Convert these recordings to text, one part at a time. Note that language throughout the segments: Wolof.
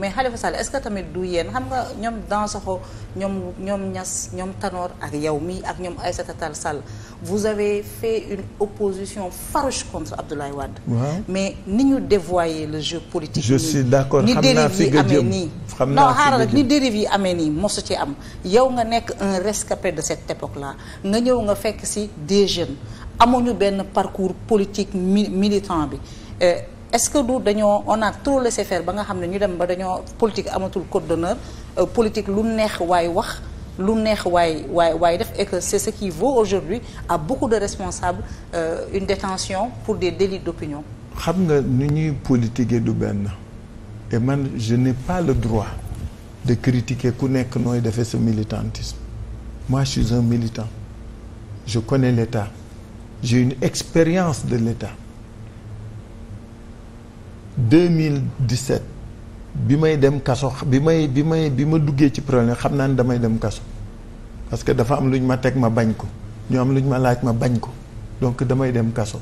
mais Khalifa Sall est-ce que tamit du yéen xam nga ñoom Dansokho ñoom ñoom Niass ñoom Tanor ak yow mi ak ñoom Aïssata Tall Sall vous avez fait une opposition farouche contre Abdoulaye Wade. mais ni ñu dévoyer le jeu politique. je suis d'accord xam nii xam naa non xaaral rek ni dérive yi amee nii mosu ci am yow nga nekk un rescapé de cette époque là nga ñëw nga fekk si des jeunes ñu benn parcours politique mi militant bi. Euh, est-ce que du dañoo on a trop laissé faire ba nga xam ne ñu dem ba dañoo politique amatul code d'honneur euh, politique lu neex waaye wax lu neex waaye waaye waaye def et que c'est ce qui vaut aujourd'hui à beaucoup de responsables euh, une détention pour des délits d'opinion xam nga ni ñuy politiquer du benn et man je n'ai pas le droit de critiquer ku nekk nooy defee sa militantisme moi je suis un militant je connais l'État j'ai une expérience de l'État 2017 bi may dem kaso bi may bi may bi ma duggee ci problème xam naa ne damay dem kaso parce que dafa am lu ñu ma teg ma bañ ko ñu am lu ñu ma laaj ma bañ ko donc damay dem kaso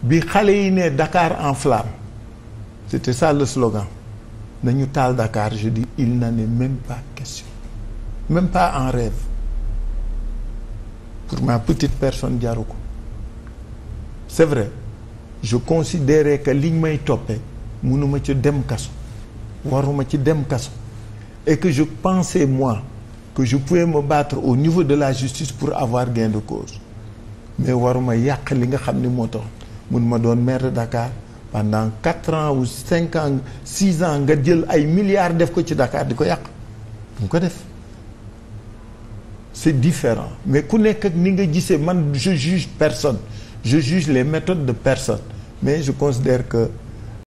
bi xale yi ne Dakar en flamme c'était te le slogan nañu taal Dakar je dis il n'en est même pas question même pas en rêve pour ma petite personne jaru ko c'est vrai je considérais que liñ may toppee mënuma ci dem kaso waruma ci dem kaso et que je pensais moi que je pouvais me battre au niveau de la justice pour avoir gain de cause mais waruma yàq li nga xam ni moo tax mun ma doon maire de Dakar pendant quatre ans ou cinq ans six ans nga jël ay milliards def ko ci Dakar di ko yàq mu ko def c'est différent mais ku nekk ak ni nga gisee man je juge personne juge les méthodes de personne mais je considère que